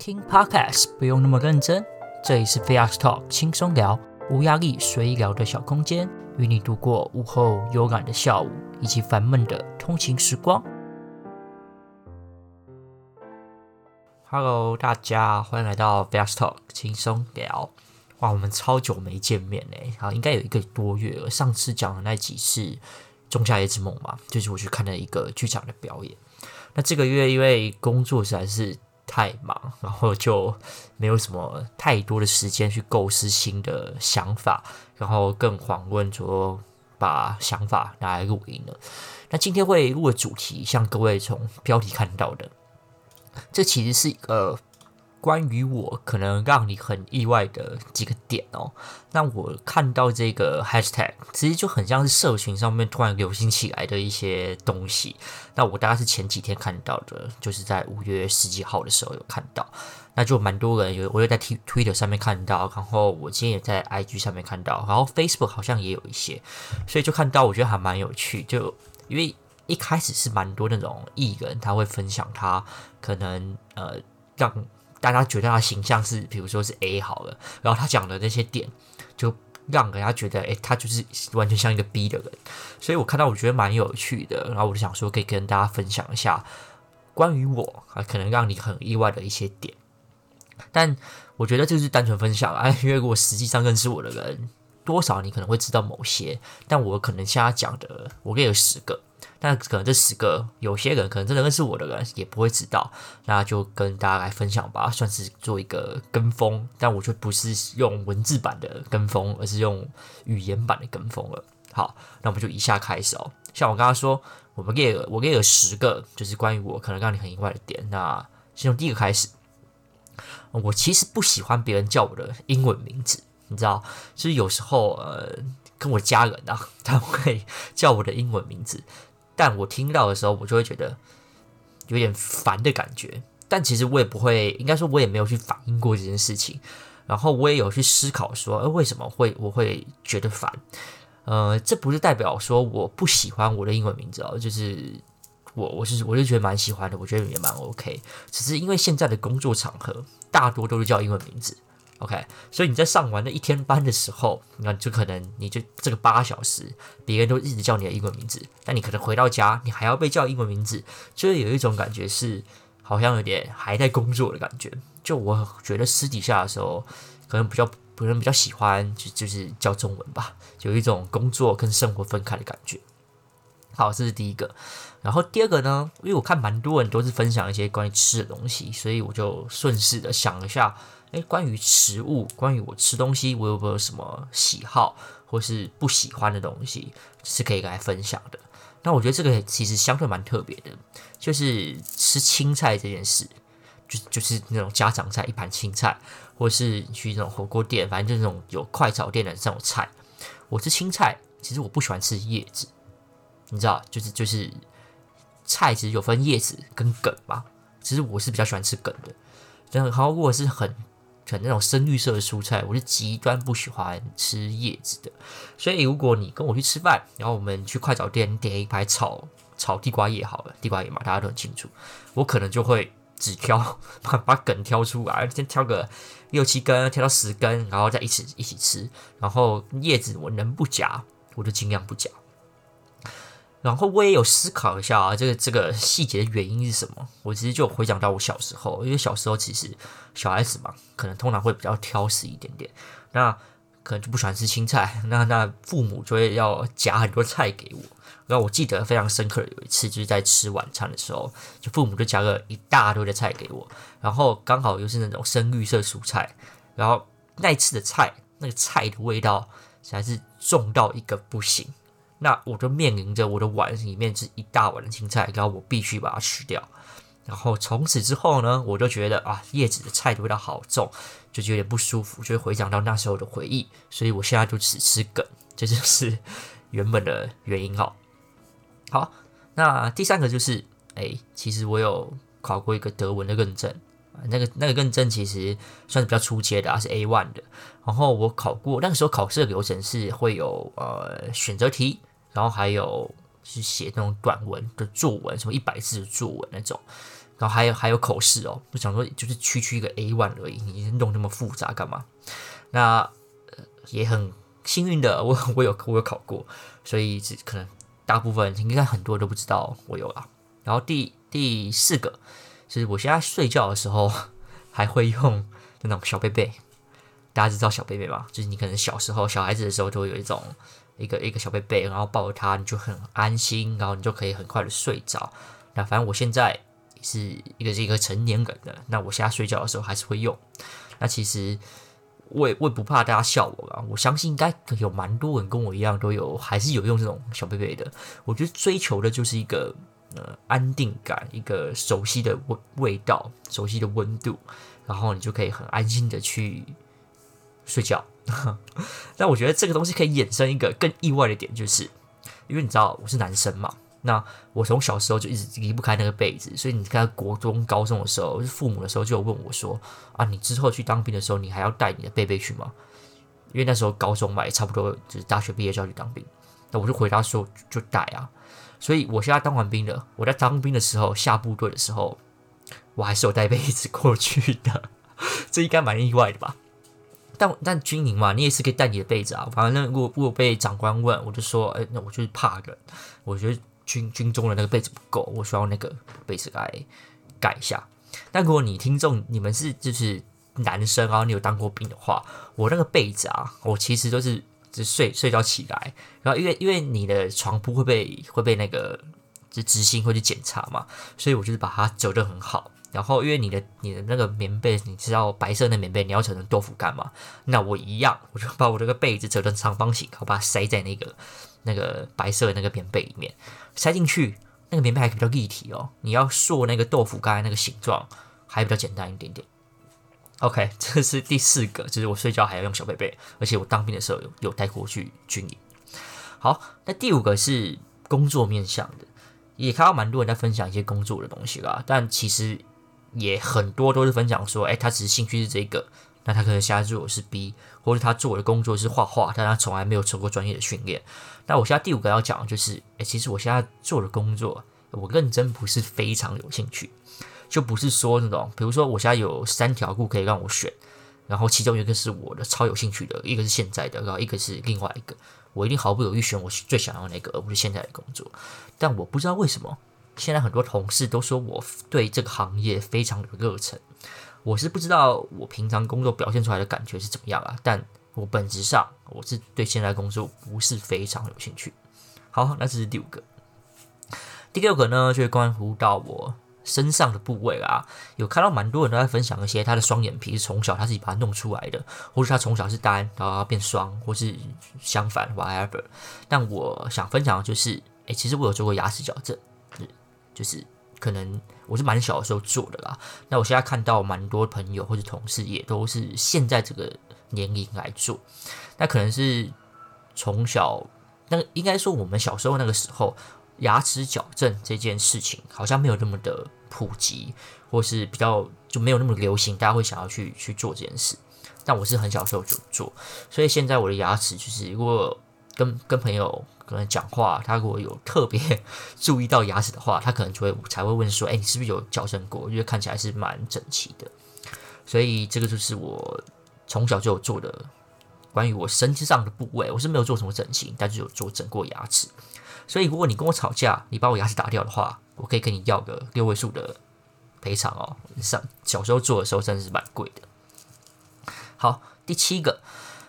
聽 Podcast 不用那麼認真，這裡是 Fiasco 輕鬆聊，無壓力隨意聊的小空間，與你度過午後悠然的下午，以及煩悶的通勤時光。Hello，大家歡迎來到 Fiasco 輕鬆聊。哇，我們超久沒見面嘞，好，應該有一個多月了。上次講的那幾次《仲夏夜之夢》嘛，就是我去看了一個劇場的表演。那這個月因為工作實在是……太忙，然後就沒有什麼太多的時間去構思新的想法，然後更遑論說，把想法拿來錄音了。那今天會錄的主題，像各位從標題看到的，這其實是一個。關於我可能讓你很意外的幾個點哦，那我看到這個 hashtag，其實就很像是社群上面突然流行起來的一些東西。那我大概是前幾天看到的，就是在五月十幾號的時候有看到，那就蠻多人有，我又在 T Twitter 上面看到，然後我今天也在 IG 上面看到，然後 Facebook 好像也有一些，所以就看到我覺得還蠻有趣，就因為一開始是蠻多那種藝人他會分享他可能呃讓。大家覺得他形象是，比如說是 A 好了，然後他講的那些點，就讓人家覺得，哎、欸，他就是完全像一個 B 的人。所以我看到我覺得蠻有趣的，然後我就想說可以跟大家分享一下關於我啊，可能讓你很意外的一些點。但我覺得就是單純分享啊，因為如果實際上認識我的人，多少你可能會知道某些，但我可能像他講的，我也有十個。但可能這十個有些人可能真的認識我的人也不會知道，那就跟大家來分享吧，算是做一個跟風。但我就不是用文字版的跟風，而是用語言版的跟風了。好，那我們就一下開始哦。像我剛剛說，我們列了，我列了十個，就是關於我可能讓你很意外的點。那先從第一個開始，我其實不喜歡別人叫我的英文名字，你知道，就是有時候呃，跟我家人啊，他會叫我的英文名字。但我聽到的時候，我就會覺得有點煩的感覺。但其實我也不會，應該說我也沒有去反應過這件事情。然後我也有去思考說，呃，為什麼會我會覺得煩？呃，這不是代表說我不喜歡我的英文名字哦，就是我我是我就覺得蠻喜歡的，我覺得也蠻 OK。只是因為現在的工作場合大多都是叫英文名字。OK，所以你在上完那一天班的時候，那就可能你就這個八小時，別人都一直叫你的英文名字。但你可能回到家，你還要被叫英文名字，就是有一種感覺是好像有點還在工作的感覺。就我覺得私底下的時候，可能比較可能人比較喜歡就就是叫中文吧，就有一種工作跟生活分開的感覺。好，這是第一個。然後第二個呢，因為我看蠻多人都是分享一些關於吃的東西，所以我就順勢的想一下。誒，關於食物，關於我吃東西，我有沒有什麼喜好或是不喜歡的東西是可以來分享的？那我覺得這個其實相對蠻特別的，就是吃青菜這件事，就就是那種家常菜，一盤青菜，或是去那種火鍋店，反正就那種有快炒店的這種菜。我吃青菜，其實我不喜歡吃葉子，你知道，就是就是菜其實有分葉子跟梗嘛。其實我是比較喜歡吃梗的，然後如果是很那種深綠色的蔬菜，我是極端不喜歡吃葉子的。所以，如果你跟我去吃飯，然後我們去快炒店點一排炒炒地瓜葉好了，地瓜葉嘛，大家都很清楚。我可能就會只挑把，把梗挑出來，先挑個六七根，挑到十根，然後再一起一起吃。然後葉子我能不夾，我就盡量不夾。然後我也有思考一下啊，這個這個細節的原因是什麼？我其實就回想到我小時候，因為小時候其實小孩子嘛，可能通常會比較挑食一點點，那可能就不喜歡吃青菜。那那父母就會要夾很多菜給我。然後我記得非常深刻的有一次就是在吃晚餐的時候，就父母就夾了一大堆的菜給我，然後剛好又是那種深綠色蔬菜，然後那一次的菜那個菜的味道實在是重到一個不行。那我就面臨着我的碗裡面是一大碗的青菜，然後我必須把它吃掉。然後從此之後呢，我就覺得啊，葉子的菜的味道好重，就覺得有點不舒服，就會回想到那時候的回憶。所以我現在就只吃梗，這就是原本的原因哦。好，那第三個就是，哎，其實我有考過一個德文的認證，啊，那個那個認證其實算是比較初階的啊，啊是 A one 的。然後我考過，那個時候考試的流程是會有呃選擇題。然後還有是寫那種短文的作文，什麼一百字的作文那種，然後還有還有口試哦，不想說就是區區一個 A one 而已，你弄那麼複雜幹嘛？那、呃、也很幸運的，我我有我有考過，所以是可能大部分應該很多都不知道我有啦。然後第第四個就是我現在睡覺的時候還會用那種小被被，大家知道小被被嗎？就是你可能小時候小孩子的時候都會有一種。一個一個小被被，然後抱着它，你就很安心，然後你就可以很快的睡着。那反正我現在是一個是一個成年人了，那我現在睡覺的時候還是會用。那其實我也我也不怕大家笑我吧，我相信應該有蠻多人跟我一樣都有，還是有用這種小被被的。我覺得追求的就是一個呃安定感，一個熟悉的味味道，熟悉的溫度，然後你就可以很安心的去。睡覺， 那我覺得這個東西可以衍生一個更意外的點，就是因為你知道我是男生嘛，那我從小時候就一直離不開那個被子，所以你看到國中、高中的時候，父母的時候就有問我說啊，你之後去當兵的時候，你還要帶你的被被去嗎？因為那時候高中嘛，也差不多就是大學畢業就要去當兵，那我就回答說就帶啊。所以我現在當完兵了，我在當兵的時候下部隊的時候，我還是有帶被子過去的， 這應該蠻意外的吧。但但軍營嘛，你也是可以帶你的被子啊。反正如果如果被長官問，我就說，哎，那我就是怕個，我覺得軍軍中的那個被子不夠，我需要那個被子來蓋一下。但如果你聽眾你們是就是男生啊，然後你有當過兵的話，我那個被子啊，我其實都是就睡睡覺起來，然後因為因為你的床鋪會被會被那個就執行會去檢查嘛，所以我就是把它折得很好。然後，因為你的你的那個棉被，你知道白色的棉被你要折成豆腐乾嘛，那我一樣，我就把我這個被子折成長方形，好把它塞在那個那個白色的那個棉被裡面，塞進去，那個棉被還比較立體哦。你要塑那個豆腐乾的那個形狀，還比較簡單一點點。OK，這是第四個，就是我睡覺還要用小被被，而且我當兵的時候有有帶過去軍營。好，那第五個是工作面向的，也看到蠻多人在分享一些工作的東西啦，但其實。也很多都是分享說，哎、欸，他只是興趣是這個，那他可能現在做的是 B，或者他做的工作是畫畫，但他從來沒有受過專業的訓練。那我現在第五個要講就是，哎、欸，其實我現在做的工作，我認真不是非常有興趣，就不是說那種，比如說我現在有三條路可以讓我選，然後其中一個是我的超有興趣的，一個是現在的，然後一個是另外一個，我一定毫不猶豫選我最想要那個，而不是現在的工作。但我不知道為什麼。現在很多同事都說我對這個行業非常有熱忱，我是不知道我平常工作表現出來的感覺是怎麼樣啊。但我本質上我是對現在工作不是非常有興趣。好，那這是第五個，第六個呢，就關乎到我身上的部位啊。有看到蠻多人都在分享一些他的雙眼皮是從小他自己把它弄出來的，或是他從小是單然後變雙，或是相反，whatever。但我想分享的就是誒，其實我有做過牙齒矯正。就是可能我是蠻小的時候做的啦，那我現在看到蠻多朋友或者同事也都是現在這個年齡來做，那可能是從小，那應該說我們小時候那個時候牙齒矯正這件事情好像沒有那麼的普及，或是比較就沒有那麼流行，大家會想要去去做這件事。但我是很小的時候就做，所以現在我的牙齒就是如果。跟跟朋友可能講話，他如果有特別注意到牙齒的話，他可能就會才會問說：“哎、欸，你是不是有矯正過？因為看起來是蠻整齊的。”所以這個就是我從小就有做的關於我身體上的部位，我是沒有做什麼整形，但是有做整過牙齒。所以如果你跟我吵架，你把我牙齒打掉的話，我可以跟你要個六位數的賠償哦。上小時候做的時候真的是蠻貴的。好，第七個，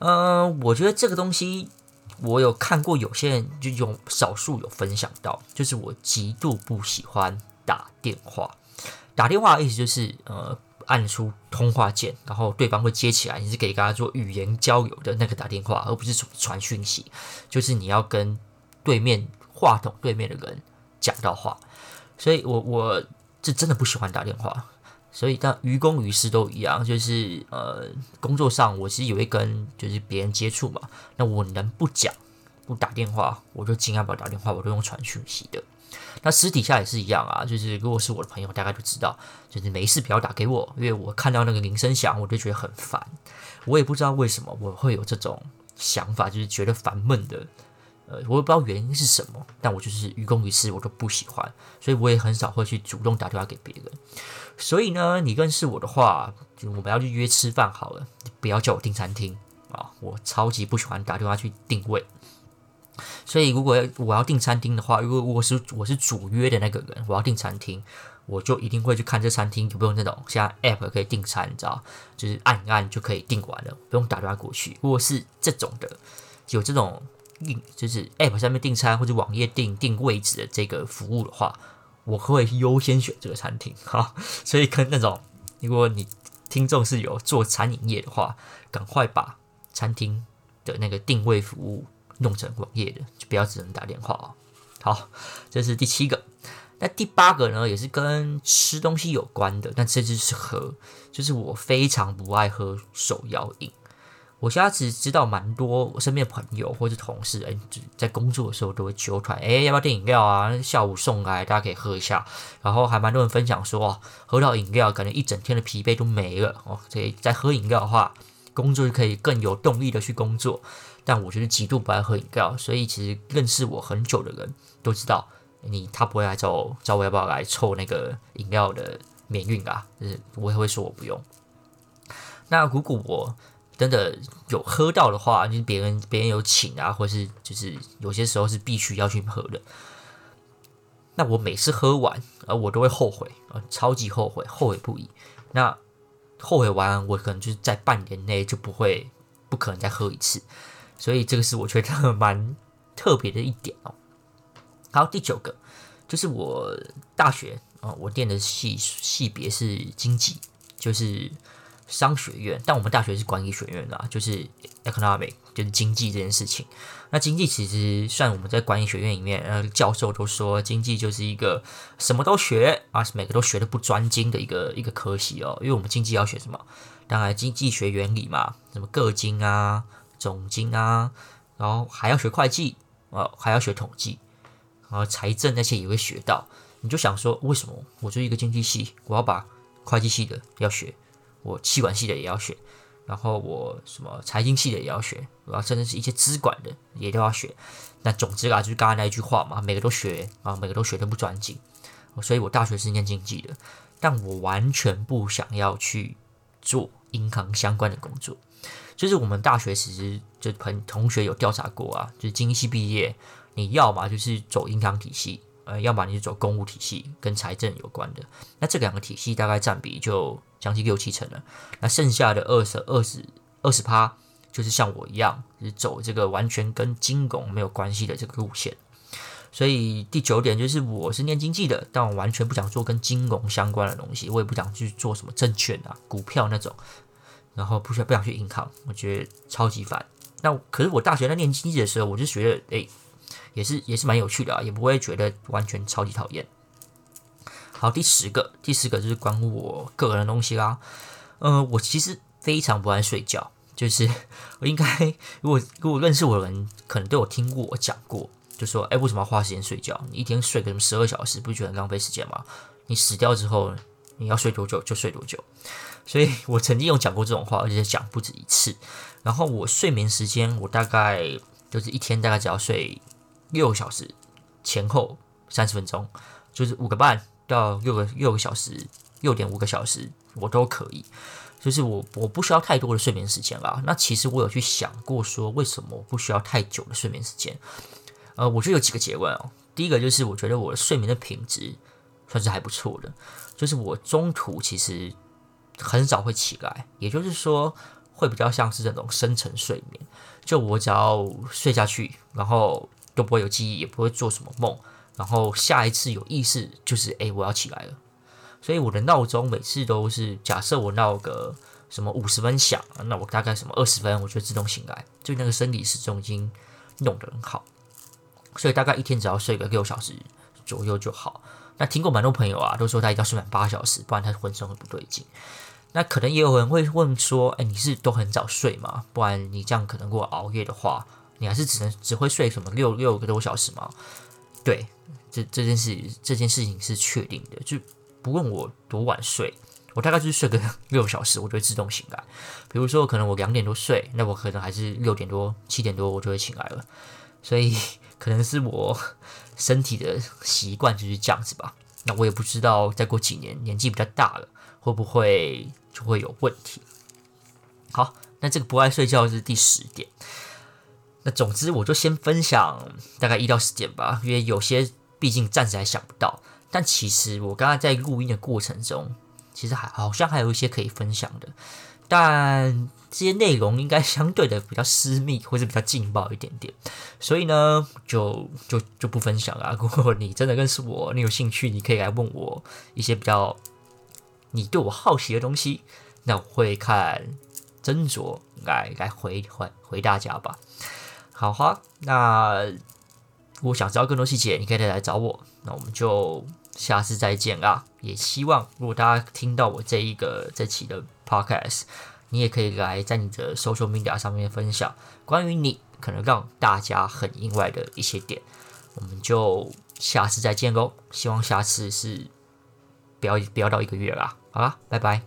嗯、呃，我覺得這個東西。我有看過有些人就有少數有分享到，就是我極度不喜歡打電話。打電話的意思就是，呃，按出通話鍵，然後對方會接起來，你是給大家做語言交流的那個打電話，而不是傳傳訊息，就是你要跟對面話筒對面的人講到話。所以我我是真的不喜歡打電話。所以，但於公於私都一樣，就是呃，工作上我其實也會跟就是別人接觸嘛，那我能不講不打電話，我就盡量不要打電話，我都用傳訊息的。那私底下也是一樣啊，就是如果是我的朋友，大概就知道，就是沒事不要打給我，因為我看到那個鈴聲響，我就覺得很煩。我也不知道為什麼我會有這種想法，就是覺得煩悶的。呃，我也不知道原因是什麼，但我就是於公於私，我都不喜歡，所以我也很少會去主動打電話給別人。所以呢，你認識我的話，就我們要去約吃飯好了，不要叫我訂餐廳啊！我超級不喜歡打電話去訂位。所以如果我要訂餐廳的話，如果我是我是主約的那個人，我要訂餐廳，我就一定會去看這餐廳就不用那種像 app 可以訂餐，你知道，就是按一按就可以訂完了，不用打電話過去。如果是這種的，有這種。就是 App 上面訂餐或者網頁訂訂位置的這個服務的話，我會優先選這個餐廳哈。所以跟那種如果你聽眾是有做餐飲業的話，趕快把餐廳的那個定位服務弄成網頁的，就不要只能打電話。好，這是第七個。那第八個呢，也是跟吃東西有關的，但這就是喝，就是我非常不愛喝手搖飲。我現在只知道蠻多，我身邊的朋友或是同事，誒、欸，在工作的時候都會揪團，哎、欸，要不要訂飲料啊？下午送來，大家可以喝一下。然後還蠻多人分享說，哦、喝到飲料，感覺一整天的疲憊都沒了。哦，所以在喝飲料的話，工作就可以更有動力的去工作。但我覺得極度不愛喝飲料，所以其實認識我很久的人都知道，你他不會來找我找我要不要來湊那個飲料的免運啊？嗯，我也會說我不用。那如果我。真的有喝到的話，就是別人別人有請啊，或是就是有些時候是必須要去喝的。那我每次喝完，而、啊、我都會後悔、啊，超級後悔，後悔不已。那後悔完，我可能就是在半年內就不會不可能再喝一次。所以這個是我覺得蠻特別的一點哦。好，第九個就是我大學啊，我念的系系別是經濟，就是。商學院，但我們大學是管理學院啦，就是 economic 就是經濟這件事情。那經濟其實算我們在管理學院裡面，呃，教授都說，經濟就是一個什麼都學啊，每個都學的不專精的一個一個科系哦。因為我們經濟要學什麼？當然經濟學原理嘛，什麼個經啊、總經啊，然後還要學會計啊，還要學統計，然後財政那些也會學到。你就想說，為什麼我做一個經濟系，我要把會計系的要學？我企管系的也要學，然後我什麼財經系的也要學，然後甚至是一些資管的也都要學。那總之啊，就是剛剛那一句話嘛，每個都學啊，每個都學都不專精。所以我大學是念經濟的，但我完全不想要去做銀行相關的工作。就是我們大學其實就朋同學有調查過啊，就是經濟系畢業，你要嘛就是走銀行體系。呃，要麼你就走公務體系跟財政有關的，那這兩個體系大概占比就將近六七成了。那剩下的二十、二十、二十趴，就是像我一樣，就是走這個完全跟金融沒有關係的這個路線。所以第九點就是，我是念經濟的，但我完全不想做跟金融相關的東西，我也不想去做什麼證券啊、股票那種。然後不想不想去銀行，我覺得超級煩。那可是我大學在念經濟的時候，我就覺得，哎、欸。也是也是蠻有趣的啊，也不會覺得完全超級討厭。好，第十個，第十個就是關於我個人的東西啦。嗯、呃，我其實非常不愛睡覺，就是我應該，如果如果認識我的人，可能都有聽過我講過，就說，哎，為什麼要花時間睡覺？你一天睡個什麼十二小時，不覺得浪費時間嗎？你死掉之後，你要睡多久就睡多久。所以我曾經有講過這種話，而且講不止一次。然後我睡眠時間，我大概就是一天大概只要睡。六個小時前後三十分鐘，就是五個半到六個六個小時，六點五個小時我都可以。就是我我不需要太多的睡眠時間啊。那其實我有去想過說，為什麼我不需要太久的睡眠時間？呃，我覺得有幾個結論哦。第一個就是我覺得我的睡眠的品質算是還不錯的，就是我中途其實很少會起來，也就是說會比較像是這種深層睡眠。就我只要睡下去，然後。都不會有記憶，也不會做什麼夢。然後下一次有意識就是，哎，我要起來了。所以我的鬧鐘每次都是，假設我鬧個什麼五十分響，那我大概什麼二十分，我就自動醒來。就那個生理時鐘已經弄得很好，所以大概一天只要睡個六小時左右就好。那聽過蠻多朋友啊，都說他一定要睡滿八小時，不然他渾身會不對勁。那可能也有人會問說，哎，你是都很早睡嗎？不然你這樣可能如果熬夜的話。你還是只能只會睡什麼六六個多小時嗎？對，這這件事，這件事情是確定的，就不問我多晚睡，我大概就是睡個六小時，我就會自動醒來。比如說，可能我兩點多睡，那我可能還是六點多、七點多我就會醒來了。所以可能是我身體的習慣就是這樣子吧。那我也不知道，再過幾年年紀比較大了，會不會就會有問題？好，那這個不愛睡覺是第十點。那總之，我就先分享大概一到十點吧，因為有些畢竟暫時還想不到。但其實我剛剛在錄音的過程中，其實還好像還有一些可以分享的，但這些內容應該相對的比較私密，或是比較勁爆一點點，所以呢，就就就不分享啊。如果你真的認識我，你有興趣，你可以來問我一些比較你對我好奇的東西，那我會看斟酌來來回回回大家吧。好哈，那如果想知道更多細節，你可以再來找我。那我們就下次再見啦！也希望如果大家聽到我這一個這期的 podcast，你也可以來在你的 social media 上面分享關於你可能讓大家很意外的一些點。我們就下次再見嘍！希望下次是不要不要到一個月啦。好啦，拜拜。